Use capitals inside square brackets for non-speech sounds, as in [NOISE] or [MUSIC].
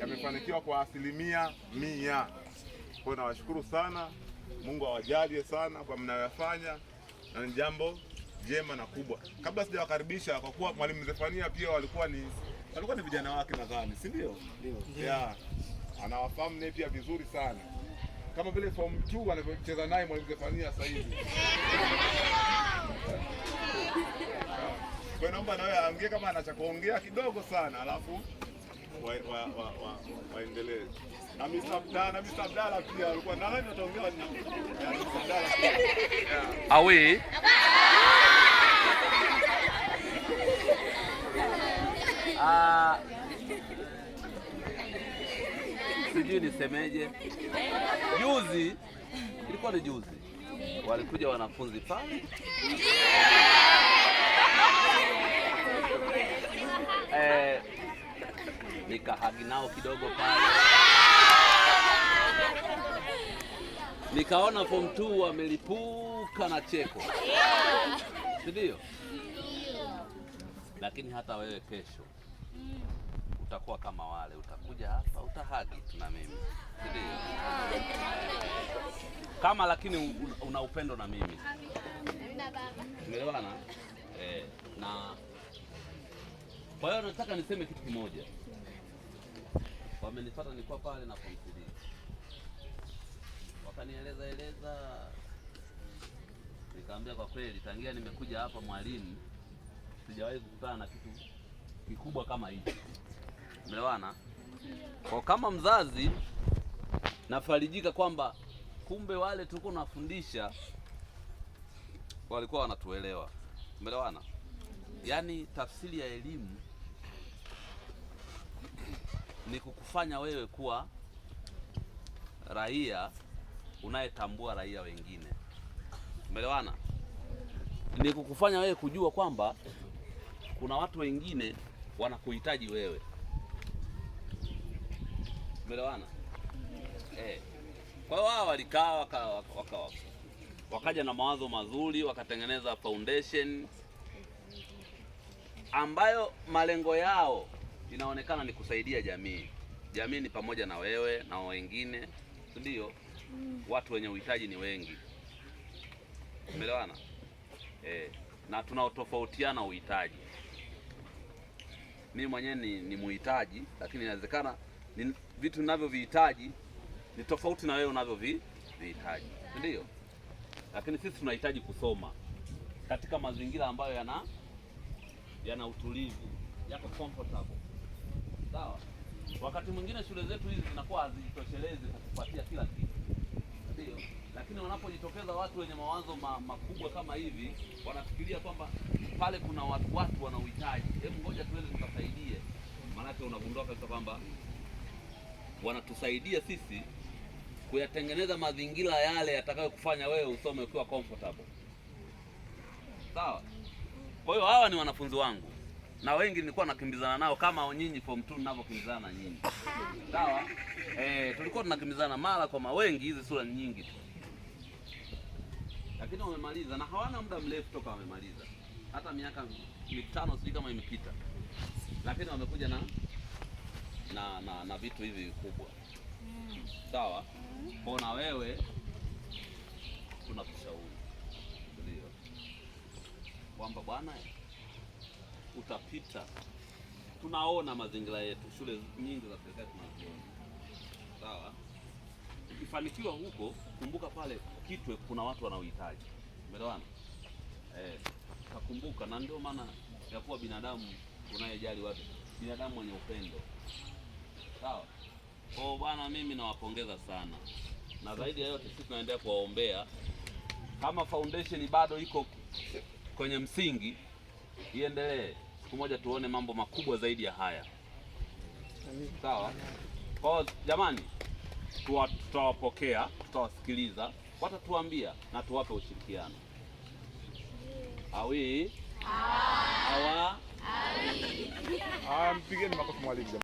yamefanikiwa kwa asilimia mia. Kwa nawashukuru sana, Mungu awajalie sana kwa mnayoyafanya, na ni jambo jema na kubwa. Kabla sijawakaribisha, kwa kuwa mwalimu Zefania pia walikuwa ni walikuwa ni vijana wake nadhani, si ndio? Yeah. Anawafahamu naye pia vizuri sana kama vile form 2 anavyocheza naye mwalimu Zefania sasa hivi. [LAUGHS] Kwa naomba nawe aongee kama anachokuongea kidogo sana alafu waendelee na Mr. Mr. pia alikuwa na nani ataongea Mr. awe [LAUGHS] ah. sijui nisemeje. Juzi ilikuwa ni juzi, walikuja wanafunzi pale nikahagi nao kidogo pale, nikaona form 2 wamelipuka na cheko, si ndio? Lakini hata wewe kesho utakuwa kama wale, utakuja hapa utahagi na mimi, si ndio? Kama lakini una upendo na mimi, umeelewana eh? na kwa hiyo nataka niseme kitu kimoja wamenipata nilikuwa pale na konsulia, wakanieleza eleza, nikaambia kwa kweli, tangia nimekuja hapa mwalimu, sijawahi kukutana na kitu kikubwa kama hichi. Melewana kwa kama mzazi nafarijika kwamba kumbe wale tulikuwa tunafundisha walikuwa wanatuelewa. Melewana yaani tafsiri ya elimu ni kukufanya wewe kuwa raia unayetambua raia wengine. Umeelewana? Ni kukufanya wewe kujua kwamba kuna watu wengine wanakuhitaji wewe. Umeelewana? Eh. Kwa hiyo wao walikaa waka, waka, waka, wakaja na mawazo mazuri wakatengeneza foundation ambayo malengo yao inaonekana ni kusaidia jamii. Jamii ni pamoja na wewe na wengine, ndio mm. watu wenye uhitaji ni wengi, umeelewana eh? Na tunaotofautiana uhitaji. Mimi mwenyewe ni, ni muhitaji, lakini inawezekana ni, vitu ninavyovihitaji ni tofauti na wewe unavyovihitaji, ndio. Lakini sisi tunahitaji kusoma katika mazingira ambayo yana yana utulivu, yako comfortable sawa. Wakati mwingine shule zetu hizi zinakuwa hazijitoshelezi kukupatia kila kitu, ndio. Lakini wanapojitokeza watu wenye mawazo ma, makubwa kama hivi, wanafikiria kwamba pale kuna watu watu wana uhitaji, hebu ngoja tuweze tukasaidie. Maanake unagundua kabisa kwamba wanatusaidia sisi kuyatengeneza mazingira yale yatakayokufanya wewe usome ukiwa comfortable, sawa. Kwa hiyo hawa ni wanafunzi wangu na wengi nilikuwa nakimbizana nao kama nyinyi form 2 ninavyokimbizana na nyinyi. Sawa? Eh, tulikuwa tunakimbizana mara kwa mawengi, wengi hizi sura ni nyingi tu. Lakini wamemaliza na hawana muda mrefu toka wamemaliza. Hata miaka mitano sijui kama imepita. Lakini wamekuja na na na, na vitu hivi vikubwa. Sawa? Mbona wewe tunakushauri. Ndio. Kwamba bwana utapita. Tunaona mazingira yetu, shule nyingi za serikali tunaziona, sawa. Ukifanikiwa huko, kumbuka pale Kitwe kuna watu wanaohitaji, umeelewana eh? takumbuka. na ndio maana ya kuwa binadamu unayejali watu, binadamu mwenye upendo, sawa. Kwa bwana, mimi nawapongeza sana, na zaidi ya yote sisi tunaendelea kuwaombea kama foundation bado iko kwenye msingi iendelee siku moja tuone mambo makubwa zaidi ya haya. Sawa. Kwa jamani, tutawapokea, tutawasikiliza, watatuambia na tuwape ushirikiano. Awi. Awa. Awi. Ah, mpigeni makofi mwalimu.